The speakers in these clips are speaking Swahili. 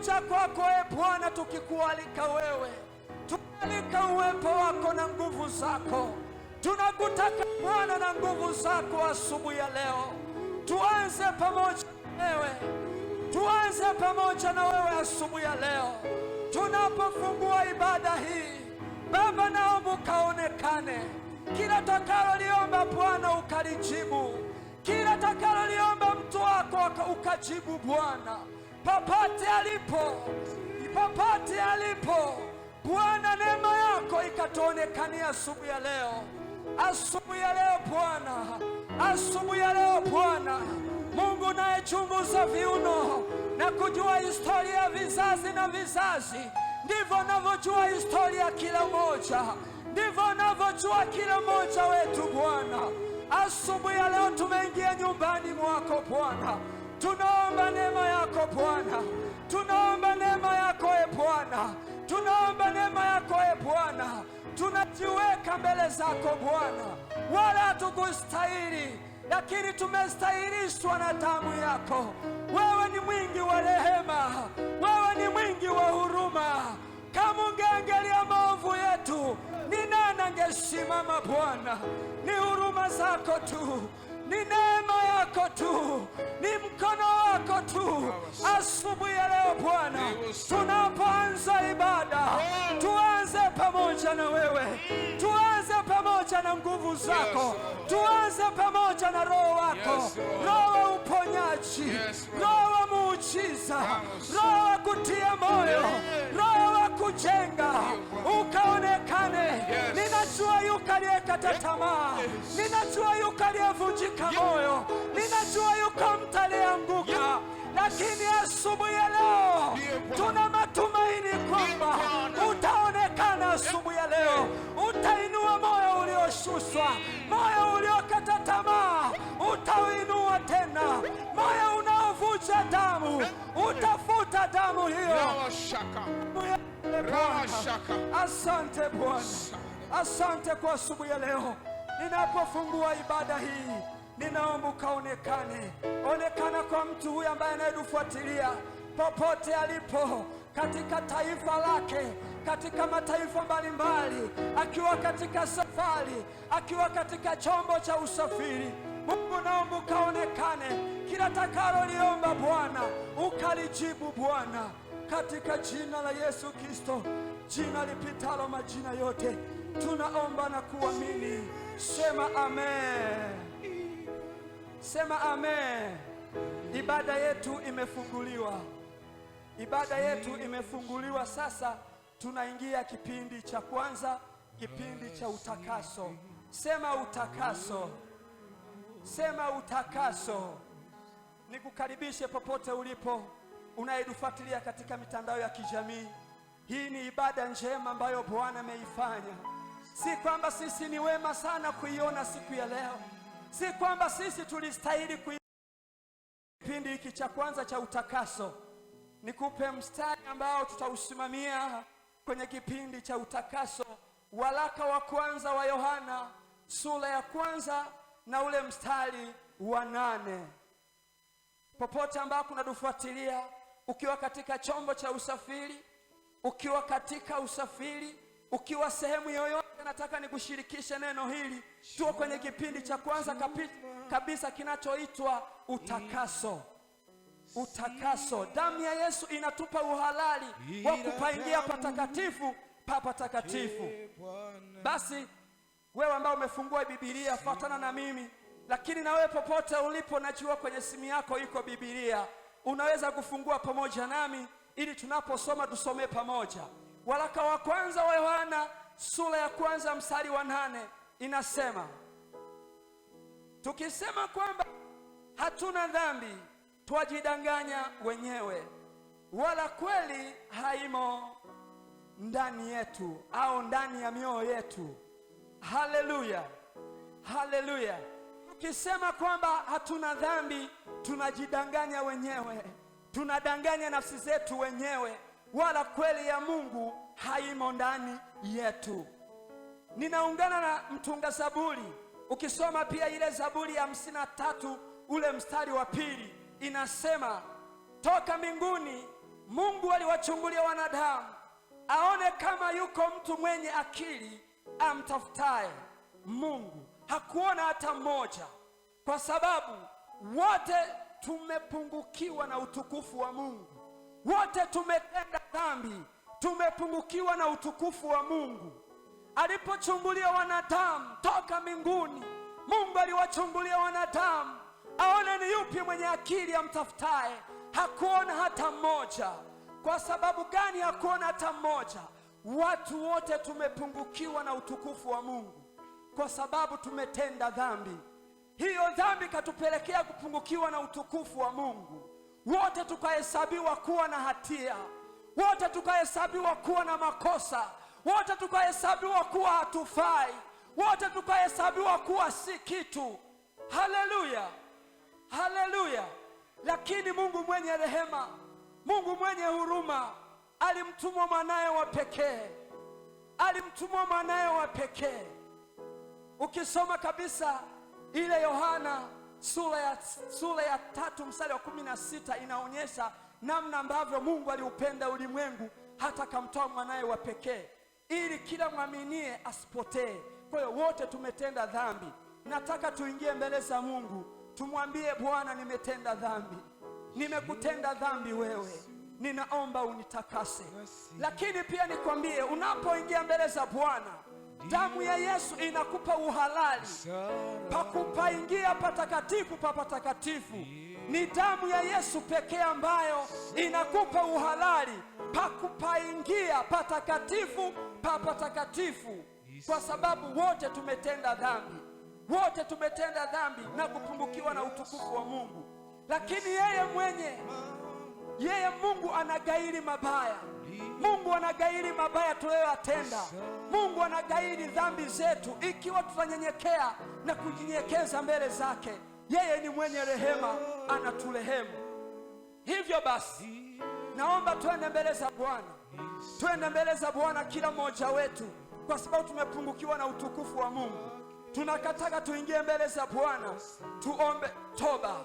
Tunakuja kwako e Bwana, tukikualika wewe, tunaalika uwepo wako na nguvu zako. Tunakutaka Bwana na nguvu zako asubuhi ya leo, tuanze pamoja na wewe, tuanze pamoja na wewe asubuhi ya leo. Tunapofungua ibada hii, Baba, naomba ukaonekane, kila takaloliomba Bwana ukalijibu, kila takaloliomba mtu wako ukajibu Bwana popote alipo, popote alipo. Bwana, neema yako ikatuonekania asubuhi ya leo, asubuhi ya leo Bwana, asubuhi ya leo Bwana Mungu nayechunguza viuno na kujua historia ya vizazi na vizazi, ndivyo navyojua historia kila mmoja, ndivyo navyojua kila mmoja wetu Bwana. Asubuhi ya leo tumeingia nyumbani mwako Bwana. Tunaomba neema yako Bwana, tunaomba neema yako e Bwana, tunaomba neema yako e Bwana. Tunajiweka mbele zako Bwana, wala hatukustahili, lakini tumestahilishwa na damu yako. Wewe ni mwingi wa rehema, wewe ni mwingi wa huruma. Kama ungeangalia maovu yetu, ni nani angesimama Bwana? Ni huruma zako tu, ni neema yako tu, ni mko tu asubuhi ya leo Bwana, tunapoanza ibada tuanze pamoja na wewe tuanze pamoja na nguvu zako, tuanze pamoja na roho wako, roho wa uponyaji, roho wa muujiza, roho wa kutia moyo, roho wa kujenga, ukaonekane. Ninajua yuka aliyekata tamaa, ninajua yuka aliyevunjika moyo, ninajua yuko mtu aliyeanguka lakini asubuhi ya leo tuna matumaini kwamba uta Inawezekana asubuhi ya leo utainua moyo ulioshuswa, moyo uliokata tamaa, utauinua tena, moyo unaovuja damu, utafuta damu hiyo. Asante Bwana, asante kwa asubuhi ya leo. Ninapofungua ibada hii, ninaomba ukaonekane, onekana kwa mtu huyu ambaye anayedufuatilia popote alipo katika taifa lake katika mataifa mbalimbali, akiwa katika safari, akiwa katika chombo cha usafiri. Mungu, naomba ukaonekane, kila liomba Bwana ukalijibu Bwana, katika jina la Yesu Kristo, jina lipitalo majina yote, tunaomba na kuamini. Sema amen, sema amen. Ibada yetu imefunguliwa, ibada yetu imefunguliwa sasa. Tunaingia kipindi cha kwanza, kipindi cha utakaso. Sema utakaso, sema utakaso. Nikukaribishe popote ulipo, unayetufuatilia katika mitandao ya kijamii. Hii ni ibada njema ambayo Bwana ameifanya. Si kwamba sisi ni wema sana kuiona siku ya leo, si kwamba sisi tulistahili kui kipindi hiki cha kwanza cha utakaso. Nikupe mstari ambao tutausimamia kwenye kipindi cha utakaso, waraka wa kwanza wa Yohana sura ya kwanza na ule mstari wa nane. Popote ambako unatufuatilia, ukiwa katika chombo cha usafiri, ukiwa katika usafiri, ukiwa sehemu yoyote, nataka nikushirikishe neno hili. Tuko kwenye kipindi cha kwanza kabisa kinachoitwa utakaso utakaso. Damu ya Yesu inatupa uhalali wa kupaingia patakatifu pa patakatifu. Basi wewe ambao umefungua Biblia, fatana na mimi, lakini na wewe popote ulipo, najua kwenye simu yako iko Biblia, unaweza kufungua pamoja nami ili tunaposoma tusomee pamoja. Waraka wa kwanza wa Yohana sura ya kwanza mstari wa nane inasema, tukisema kwamba hatuna dhambi twajidanganya wenyewe, wala kweli haimo ndani yetu au ndani ya mioyo yetu. Haleluya, haleluya! Tukisema kwamba hatuna dhambi, tunajidanganya wenyewe, tunadanganya nafsi zetu wenyewe, wala kweli ya Mungu haimo ndani yetu. Ninaungana na mtunga Zaburi, ukisoma pia ile Zaburi ya hamsini na tatu ule mstari wa pili inasema toka mbinguni Mungu aliwachungulia wanadamu aone kama yuko mtu mwenye akili amtafutaye Mungu. Hakuona hata mmoja, kwa sababu wote tumepungukiwa na utukufu wa Mungu, wote tumetenda dhambi, tumepungukiwa na utukufu wa Mungu. Alipochungulia wanadamu toka mbinguni, Mungu aliwachungulia wanadamu aone ni yupi mwenye akili amtafutaye. Hakuona hata mmoja. Kwa sababu gani hakuona hata mmoja? Watu wote tumepungukiwa na utukufu wa Mungu kwa sababu tumetenda dhambi. Hiyo dhambi katupelekea kupungukiwa na utukufu wa Mungu, wote tukahesabiwa kuwa na hatia, wote tukahesabiwa kuwa na makosa, wote tukahesabiwa kuwa hatufai, wote tukahesabiwa kuwa si kitu. Haleluya! Haleluya! Lakini Mungu mwenye rehema, Mungu mwenye huruma alimtuma mwanaye wa pekee, alimtuma mwanaye wa pekee. Ukisoma kabisa ile Yohana sura ya, sura ya tatu mstari wa kumi na sita inaonyesha namna ambavyo Mungu aliupenda ulimwengu hata akamtoa mwanaye wa pekee ili kila mwaminie asipotee. Kwa hiyo wote tumetenda dhambi. Nataka tuingie mbele za Mungu Tumwambie Bwana, nimetenda dhambi, nimekutenda dhambi wewe, ninaomba unitakase. Lakini pia nikwambie, unapoingia mbele za Bwana, damu ya Yesu inakupa uhalali pakupaingia patakatifu pa patakatifu. Ni damu ya Yesu pekee ambayo inakupa uhalali pakupaingia patakatifu pa patakatifu, kwa sababu wote tumetenda dhambi. Wote tumetenda dhambi na kupungukiwa na utukufu wa Mungu, lakini yeye mwenye yeye Mungu anagairi mabaya. Mungu anagairi mabaya tuliyoyatenda. Mungu anagairi dhambi zetu ikiwa tutanyenyekea na kujinyekeza mbele zake. Yeye ni mwenye rehema, anaturehemu. Hivyo basi, naomba twende mbele za Bwana, twende mbele za Bwana kila mmoja wetu, kwa sababu tumepungukiwa na utukufu wa Mungu tunakataka tuingie mbele za Bwana, tuombe toba,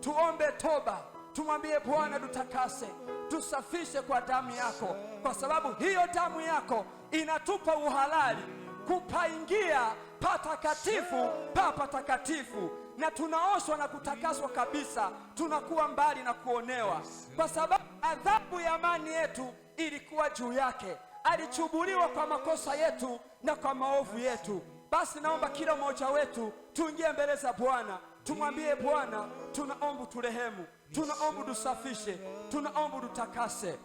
tuombe toba, tumwambie Bwana tutakase, tusafishe kwa damu yako, kwa sababu hiyo damu yako inatupa uhalali kupaingia patakatifu pa patakatifu, na tunaoshwa na kutakaswa kabisa, tunakuwa mbali na kuonewa, kwa sababu adhabu ya amani yetu ilikuwa juu yake, alichubuliwa kwa makosa yetu na kwa maovu yetu basi naomba kila mmoja wetu tuingie mbele za Bwana, tumwambie Bwana, tunaomba turehemu, tunaomba tusafishe, tunaomba tutakase.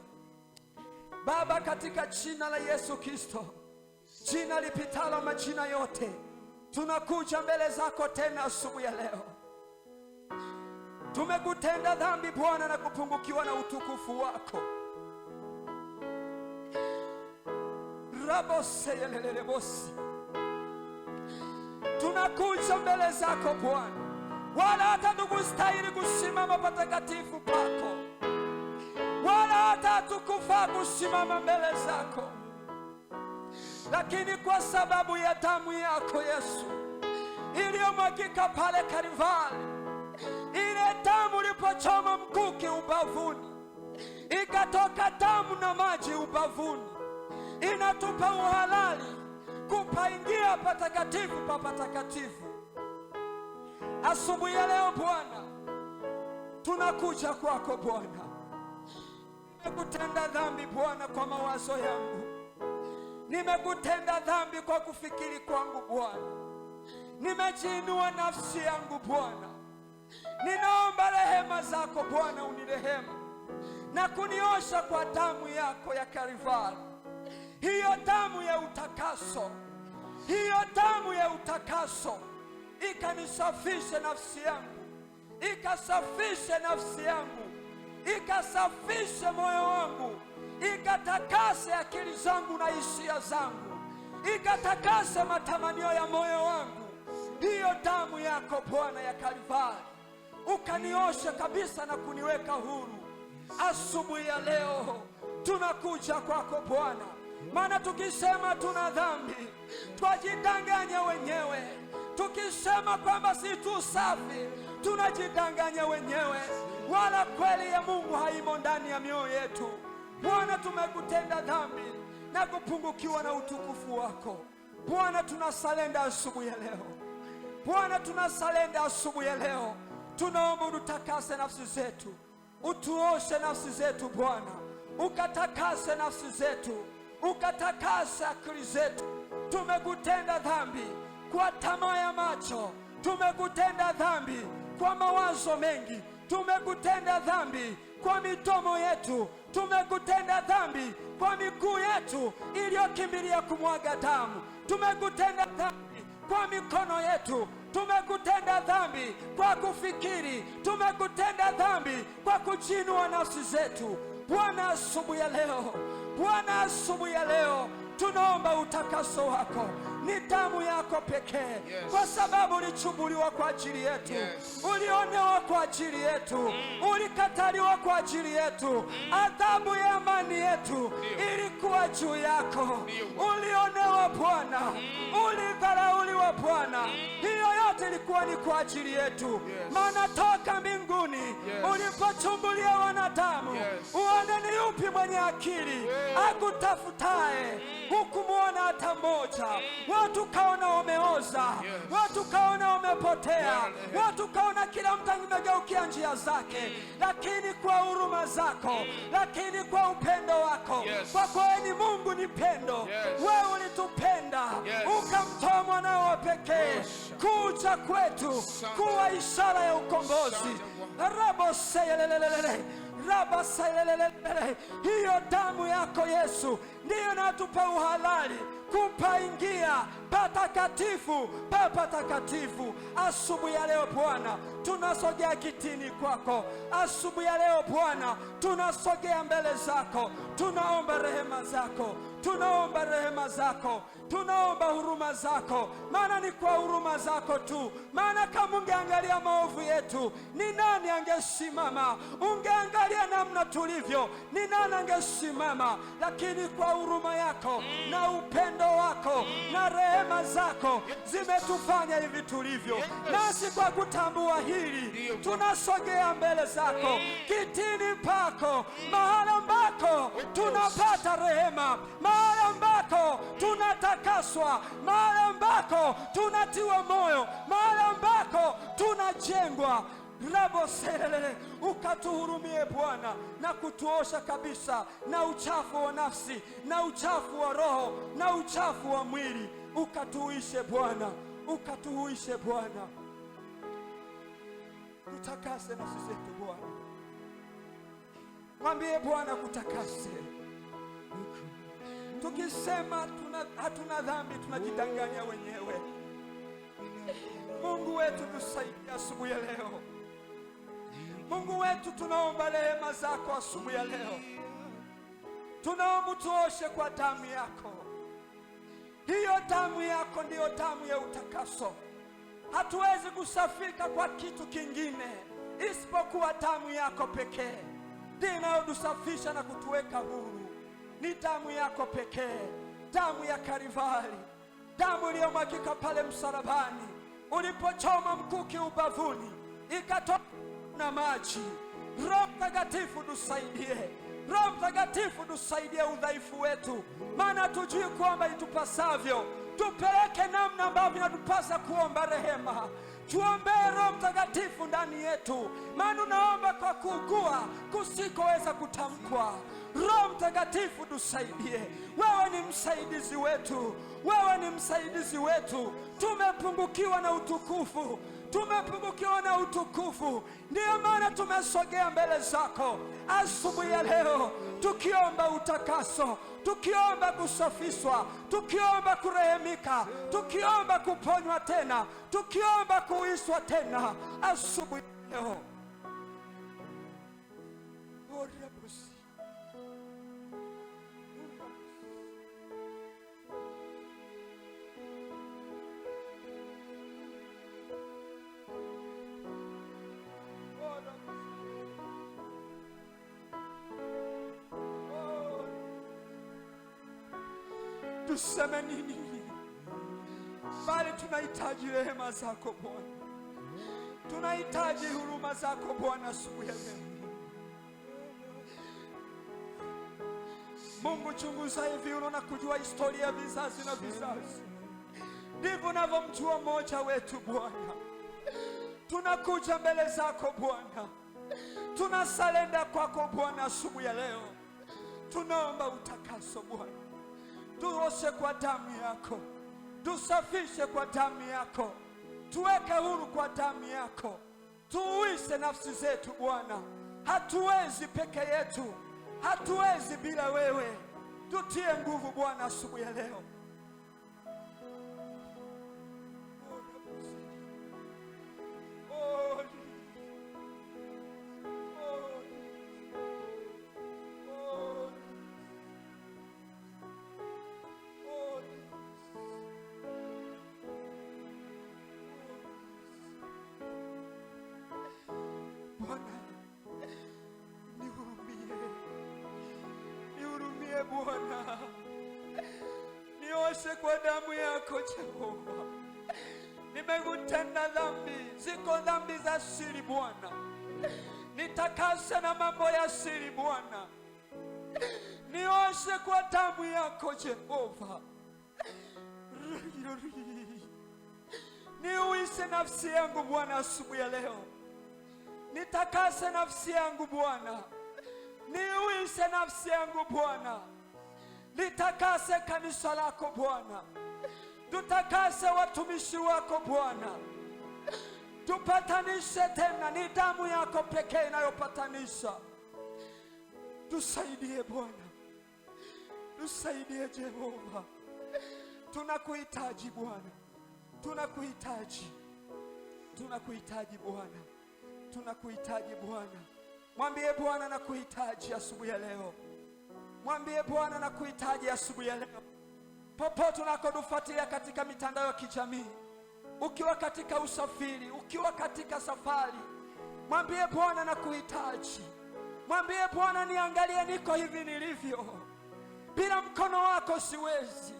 Baba, katika jina la Yesu Kristo, jina lipitalo majina yote, tunakuja mbele zako tena asubuhi ya leo. Tumekutenda dhambi Bwana na kupungukiwa na utukufu wako. raboseyelelelebosi tunakuja mbele zako Bwana, wala hata tukustahili kusimama patakatifu pako, wala hata hatukufaa kusimama mbele zako, lakini kwa sababu ya damu yako Yesu iliyomwagika pale karivali ile damu lipochoma mkuki ubavuni, ikatoka damu na maji ubavuni, inatupa uhalali kupaingia patakatifu pa patakatifu. Asubuhi ya leo Bwana, tunakuja kwako Bwana. Nimekutenda dhambi Bwana kwa mawazo yangu, nimekutenda dhambi kwa kufikiri kwangu Bwana, nimejiinua nafsi yangu Bwana. Ninaomba rehema zako Bwana, unirehemu na kuniosha kwa damu yako ya Kalvari. Hiyo damu ya utakaso, hiyo damu ya utakaso ikanisafishe nafsi yangu, ikasafishe nafsi yangu, ikasafishe moyo wangu, ikatakase akili zangu na hisia zangu, ikatakase matamanio ya moyo wangu. Hiyo damu yako Bwana ya Kalvari ukaniosha kabisa na kuniweka huru. Asubuhi ya leo tunakuja kwako Bwana. Maana tukisema tuna dhambi twajidanganya wenyewe, tukisema kwamba si tu safi tunajidanganya wenyewe, wala kweli ya Mungu haimo ndani ya mioyo yetu. Bwana, tumekutenda dhambi na kupungukiwa na utukufu wako Bwana. Tunasalenda asubuhi ya leo Bwana, tunasalenda asubuhi ya leo. Tunaomba ututakase nafsi zetu, utuoshe nafsi zetu Bwana, ukatakase nafsi zetu ukatakasa akili zetu. Tumekutenda dhambi kwa tamaa ya macho, tumekutenda dhambi kwa mawazo mengi, tumekutenda dhambi kwa mitomo yetu, tumekutenda dhambi kwa miguu yetu iliyokimbilia kumwaga damu, tumekutenda dhambi kwa mikono yetu tumekutenda dhambi kwa kufikiri, tumekutenda dhambi kwa kujinua nafsi zetu. Bwana, asubuhi ya leo Bwana, asubuhi ya leo tunaomba utakaso wako, ni damu yako pekee yes. Kwa sababu ulichubuliwa kwa ajili yetu yes. Ulionewa kwa ajili yetu mm. Ulikataliwa kwa ajili yetu mm. Adhabu ya amani yetu Dio. ilikuwa juu yako Dio. Ulionewa Bwana mm. Ulidharauliwa Bwana mm ilikuwa ni kwa ajili yetu yes. Maana toka mbinguni yes. ulipochungulia wanadamu yes. uone ni yupi mwenye akili akutafutae akutafutaye mm. hukumwona hata mmoja. Mm. Watu kaona wameoza watu kaona wamepotea eh. watu kaona kila mtu amegeukia njia zake mm. lakini kwa huruma zako lakini kwa upendo wako yes. kwa kweli Mungu ni pendo wewe ulitupenda ukamtoa mwanao wa pekee kuja kwetu kuwa ishara ya ukombozi raboseyelelelele rabasayelelelele hiyo damu yako Yesu ndiyo natupa uhalali kupaingia patakatifu pa patakatifu. Asubuhi ya leo Bwana, tunasogea kitini kwako. Asubuhi ya leo Bwana, tunasogea mbele zako, tunaomba rehema zako tunaomba rehema zako, tunaomba huruma zako, maana ni kwa huruma zako tu. Maana kama ungeangalia maovu yetu, ni nani angesimama? Ungeangalia namna tulivyo, ni nani angesimama? Lakini kwa huruma yako na upendo wako na rehema zako zimetufanya hivi tulivyo, nasi kwa kutambua hili tunasogea mbele zako, kitini pako, mahala ambako tunapata rehema, mahala ambako tunatakaswa, mahala ambako tunatiwa moyo, mahala ambako tunajengwa raboserelele ukatuhurumie Bwana na kutuosha kabisa na uchafu wa nafsi na uchafu wa roho na uchafu wa mwili, ukatuhuishe Bwana, ukatuhuishe Bwana, tutakase nafsi zetu Bwana. Mwambie Bwana kutakase. Tukisema tuna, hatuna dhambi tunajidanganya wenyewe. Mungu wetu tusaidie asubuhi ya leo. Mungu wetu, tunaomba rehema zako asubuhi ya leo, tunaomba tuoshe kwa damu yako. Hiyo damu yako ndiyo damu ya utakaso. Hatuwezi kusafika kwa kitu kingine isipokuwa damu yako pekee, ndiyo inayotusafisha na kutuweka huru. Ni damu yako pekee, damu ya Kalivari, damu iliyomwagika pale msalabani ulipochoma mkuki ubavuni ikatoka na maji. Roho Mtakatifu tusaidie, Roho Mtakatifu tusaidie udhaifu wetu, maana tujui kuomba itupasavyo. Tupeleke namna ambavyo inatupasa kuomba rehema. Tuombee Roho Mtakatifu ndani yetu, maana unaomba kwa kuugua kusikoweza kutamkwa. Roho Mtakatifu tusaidie, wewe ni msaidizi wetu, wewe ni msaidizi wetu. Tumepungukiwa na utukufu tumepungukiwa na utukufu. Ndiyo maana tumesogea mbele zako asubuhi ya leo, tukiomba utakaso, tukiomba kusafishwa, tukiomba kurehemika, tukiomba kuponywa tena, tukiomba kuishwa tena asubuhi ya leo. tuseme nini? Bali tunahitaji rehema zako Bwana, tunahitaji huruma zako Bwana siku ya leo. Mungu, chunguza hivi na kujua historia ya vizazi na vizazi, ndivyo navyomjua mmoja wetu Bwana. Tunakuja mbele zako Bwana, tunasalenda kwako Bwana siku ya leo, tunaomba utakaso Bwana tuoshe kwa damu yako, tusafishe kwa damu yako, tuweke huru kwa damu yako, tuuishe nafsi zetu Bwana. Hatuwezi peke yetu, hatuwezi bila wewe. Tutie nguvu Bwana asubuhi ya leo. kutenda dhambi. Ziko dhambi za siri Bwana, nitakase na mambo ya siri Bwana, nioshe kwa damu yako Jehova, niuise nafsi yangu Bwana asubuhi ya leo, nitakase nafsi yangu Bwana, niuise nafsi yangu Bwana, litakase kanisa lako Bwana tutakase watumishi wako Bwana, tupatanishe tena. Ni damu yako pekee inayopatanisha. Tusaidie Bwana, tusaidie Jehova, tunakuhitaji Bwana, tunakuhitaji, tunakuhitaji Bwana, tunakuhitaji Bwana. Mwambie Bwana nakuhitaji asubuhi ya leo, mwambie Bwana nakuhitaji asubuhi ya leo popote unakotufuatilia katika mitandao ya kijamii, ukiwa katika usafiri, ukiwa katika safari, mwambie Bwana na kuhitaji, mwambie Bwana, niangalie, niko hivi nilivyo, bila mkono wako siwezi.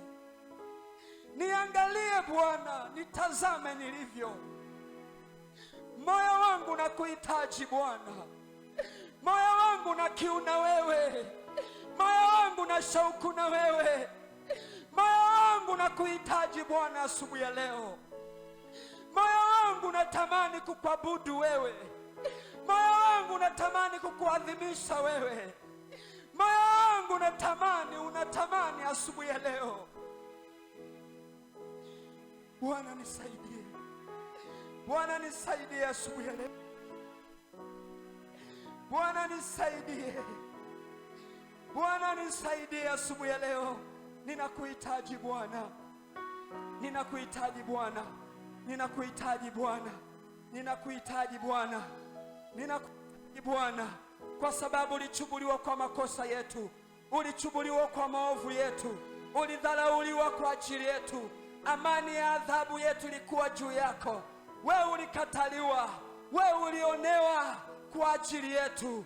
Niangalie Bwana, nitazame nilivyo. Moyo wangu na kuhitaji Bwana, moyo wangu na kiu na wewe, moyo wangu na shauku na wewe. Moyo wangu na kuhitaji Bwana asubuhi ya leo. Moyo wangu natamani kukuabudu wewe, moyo wangu natamani kukuadhimisha wewe, moyo wangu natamani, unatamani asubuhi ya leo. Bwana nisaidie, Bwana nisaidie asubuhi ya leo. Bwana nisaidie, Bwana nisaidie asubuhi ya leo ninakuhitaji Bwana, ninakuhitaji Bwana, ninakuhitaji Bwana, ninakuhitaji Bwana, ninakuhitaji Bwana, kwa sababu ulichubuliwa kwa makosa yetu, ulichubuliwa kwa maovu yetu, ulidharauliwa kwa ajili yetu. Amani ya adhabu yetu ilikuwa juu yako. Wewe ulikataliwa, wewe ulionewa kwa ajili yetu.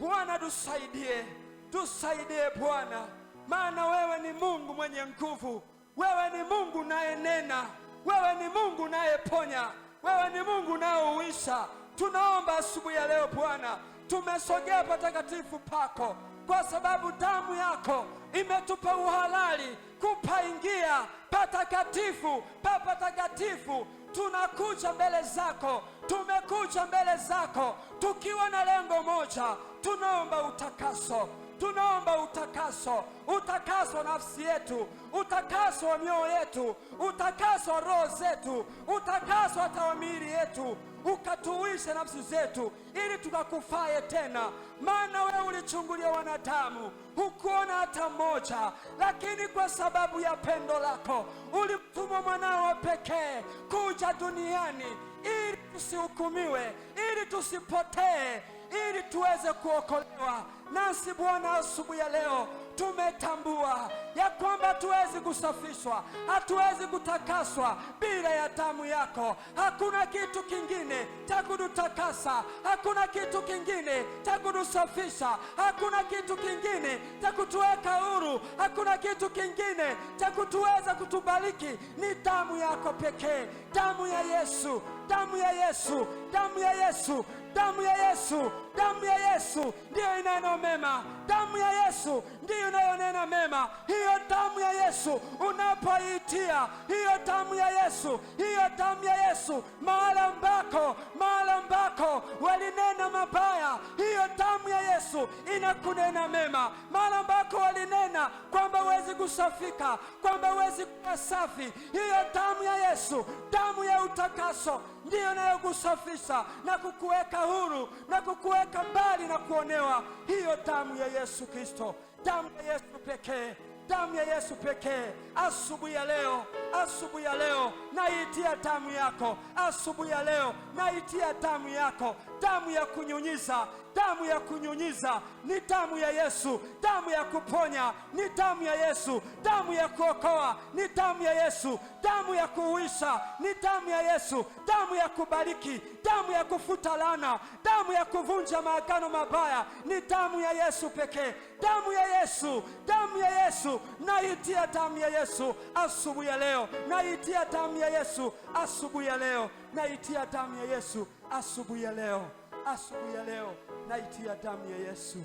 Bwana tusaidie, tusaidie Bwana maana wewe ni Mungu mwenye nguvu, wewe ni Mungu unayenena, wewe ni Mungu unayeponya, wewe ni Mungu unayeuisha. Tunaomba asubuhi ya leo Bwana, tumesogea patakatifu pako kwa sababu damu yako imetupa uhalali kupaingia patakatifu pa patakatifu. Tunakuja mbele zako, tumekuja mbele zako tukiwa na lengo moja, tunaomba utakaso tunaomba utakaso, utakaso nafsi yetu, utakaso mioyo yetu, utakaso roho zetu, utakaso hata miili yetu, ukatuishe nafsi zetu, ili tukakufaye tena. Maana wewe ulichungulia wanadamu, hukuona hata mmoja, lakini kwa sababu ya pendo lako ulimtuma mwanao wa pekee kuja duniani, ili tusihukumiwe, ili tusipotee ili tuweze kuokolewa. Nasi Bwana, asubuhi ya leo tumetambua ya kwamba hatuwezi kusafishwa, hatuwezi kutakaswa bila ya damu yako. Hakuna kitu kingine cha kututakasa, hakuna kitu kingine cha kutusafisha, hakuna kitu kingine cha kutuweka huru, hakuna kitu kingine cha kutuweza kutubariki, ni damu yako pekee, damu ya Yesu, damu ya Yesu, damu ya Yesu Damu ya Yesu, damu ya Yesu ndiyo inanena mema, damu ya Yesu ndiyo inayonena mema. Hiyo damu ya Yesu unapoitia, hiyo damu ya Yesu, hiyo damu ya Yesu mahala mbako, mahala mbako walinena mabaya, hiyo damu ya Yesu inakunena mema. Mahala mbako walinena kwamba huwezi kusafika, kwamba huwezi kuwa safi, hiyo damu ya Yesu, damu ya utakaso ndiyo inayokusafisha na kukuweka huru na kukuweka mbali na kuonewa. Hiyo damu ya Yesu Kristo, damu ya Yesu pekee. Damu ya Yesu pekee asubuhi ya leo, asubuhi ya leo naitia damu yako, asubuhi ya leo naitia damu yako, damu ya kunyunyiza, damu ya kunyunyiza ni damu ya Yesu, damu ya kuponya ni damu ya Yesu, damu ya kuokoa ni damu ya Yesu, damu ya kuhuisha ni damu ya Yesu, damu ya kubariki, damu ya kufuta laana, damu ya kuvunja maagano mabaya ni damu ya Yesu pekee, damu ya Yesu, damu ya Yesu Yesu, naitia damu ya Yesu asubuhi ya leo, naitia damu ya Yesu asubuhi ya leo, naitia damu ya Yesu asubuhi ya leo, asubuhi ya leo, naitia damu ya Yesu.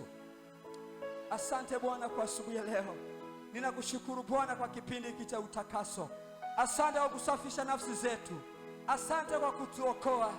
Asante Bwana kwa asubuhi ya leo, ninakushukuru Bwana kwa kipindi hiki cha utakaso. Asante kwa kusafisha nafsi zetu, asante kwa kutuokoa,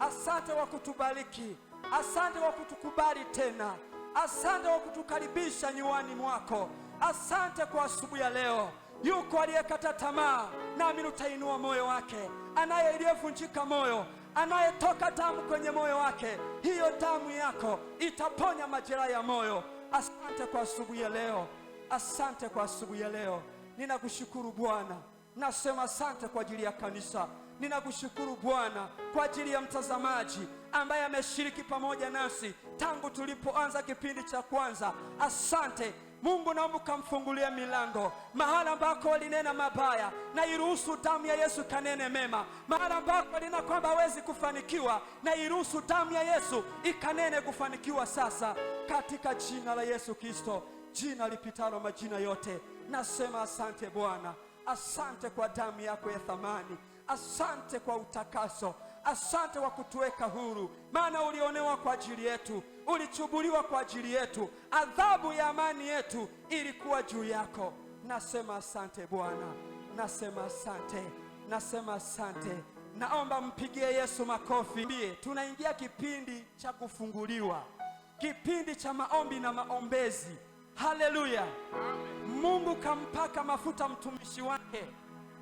asante kwa kutubariki, asante kwa kutukubali tena, asante kwa kutukaribisha nyuani mwako. Asante kwa asubuhi ya leo. Yuko aliyekata tamaa, nami nitainua moyo wake, anaye aliyevunjika moyo, anayetoka damu kwenye moyo wake, hiyo damu yako itaponya majeraha ya moyo. Asante kwa asubuhi ya leo, asante kwa asubuhi ya leo. Ninakushukuru Bwana, nasema asante kwa ajili ya kanisa. Ninakushukuru Bwana kwa ajili ya mtazamaji ambaye ameshiriki pamoja nasi tangu tulipoanza kipindi cha kwanza. Asante. Mungu naomba ukamfungulia milango mahala ambako walinena mabaya, na iruhusu damu ya Yesu kanene mema. Mahala ambako walina kwamba hawezi kufanikiwa, na iruhusu damu ya Yesu ikanene kufanikiwa sasa, katika jina la Yesu Kristo, jina lipitalo majina yote. Nasema asante Bwana, asante kwa damu yako ya thamani, asante kwa utakaso, asante kwa kutuweka huru, maana ulionewa kwa ajili yetu ulichubuliwa kwa ajili yetu, adhabu ya amani yetu ilikuwa juu yako. Nasema asante Bwana, nasema asante, nasema asante. Naomba mpigie Yesu makofi. Tunaingia kipindi cha kufunguliwa, kipindi cha maombi na maombezi. Haleluya! Mungu kampaka mafuta mtumishi wake.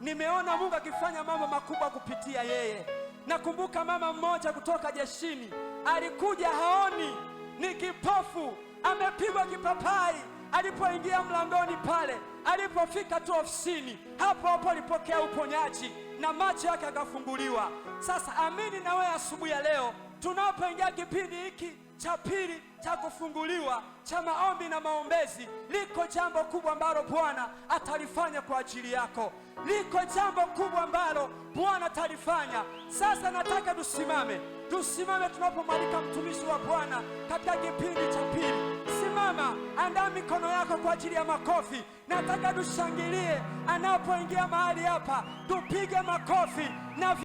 Nimeona Mungu akifanya mambo makubwa kupitia yeye. Nakumbuka mama mmoja kutoka jeshini alikuja haoni ni kipofu, amepigwa kipapai. Alipoingia mlangoni pale, alipofika tu ofisini, hapo hapo alipokea uponyaji na macho yake akafunguliwa. Sasa amini na wewe, asubuhi ya leo tunapoingia kipindi hiki cha pili cha kufunguliwa cha maombi na maombezi, liko jambo kubwa ambalo Bwana atalifanya kwa ajili yako, liko jambo kubwa ambalo Bwana atalifanya. Sasa nataka tusimame. Tusimame tunapomwalika mtumishi wa Bwana katika kipindi cha pili. Simama, andaa mikono yako kwa ajili ya makofi. Nataka tushangilie anapoingia mahali hapa, tupige makofi na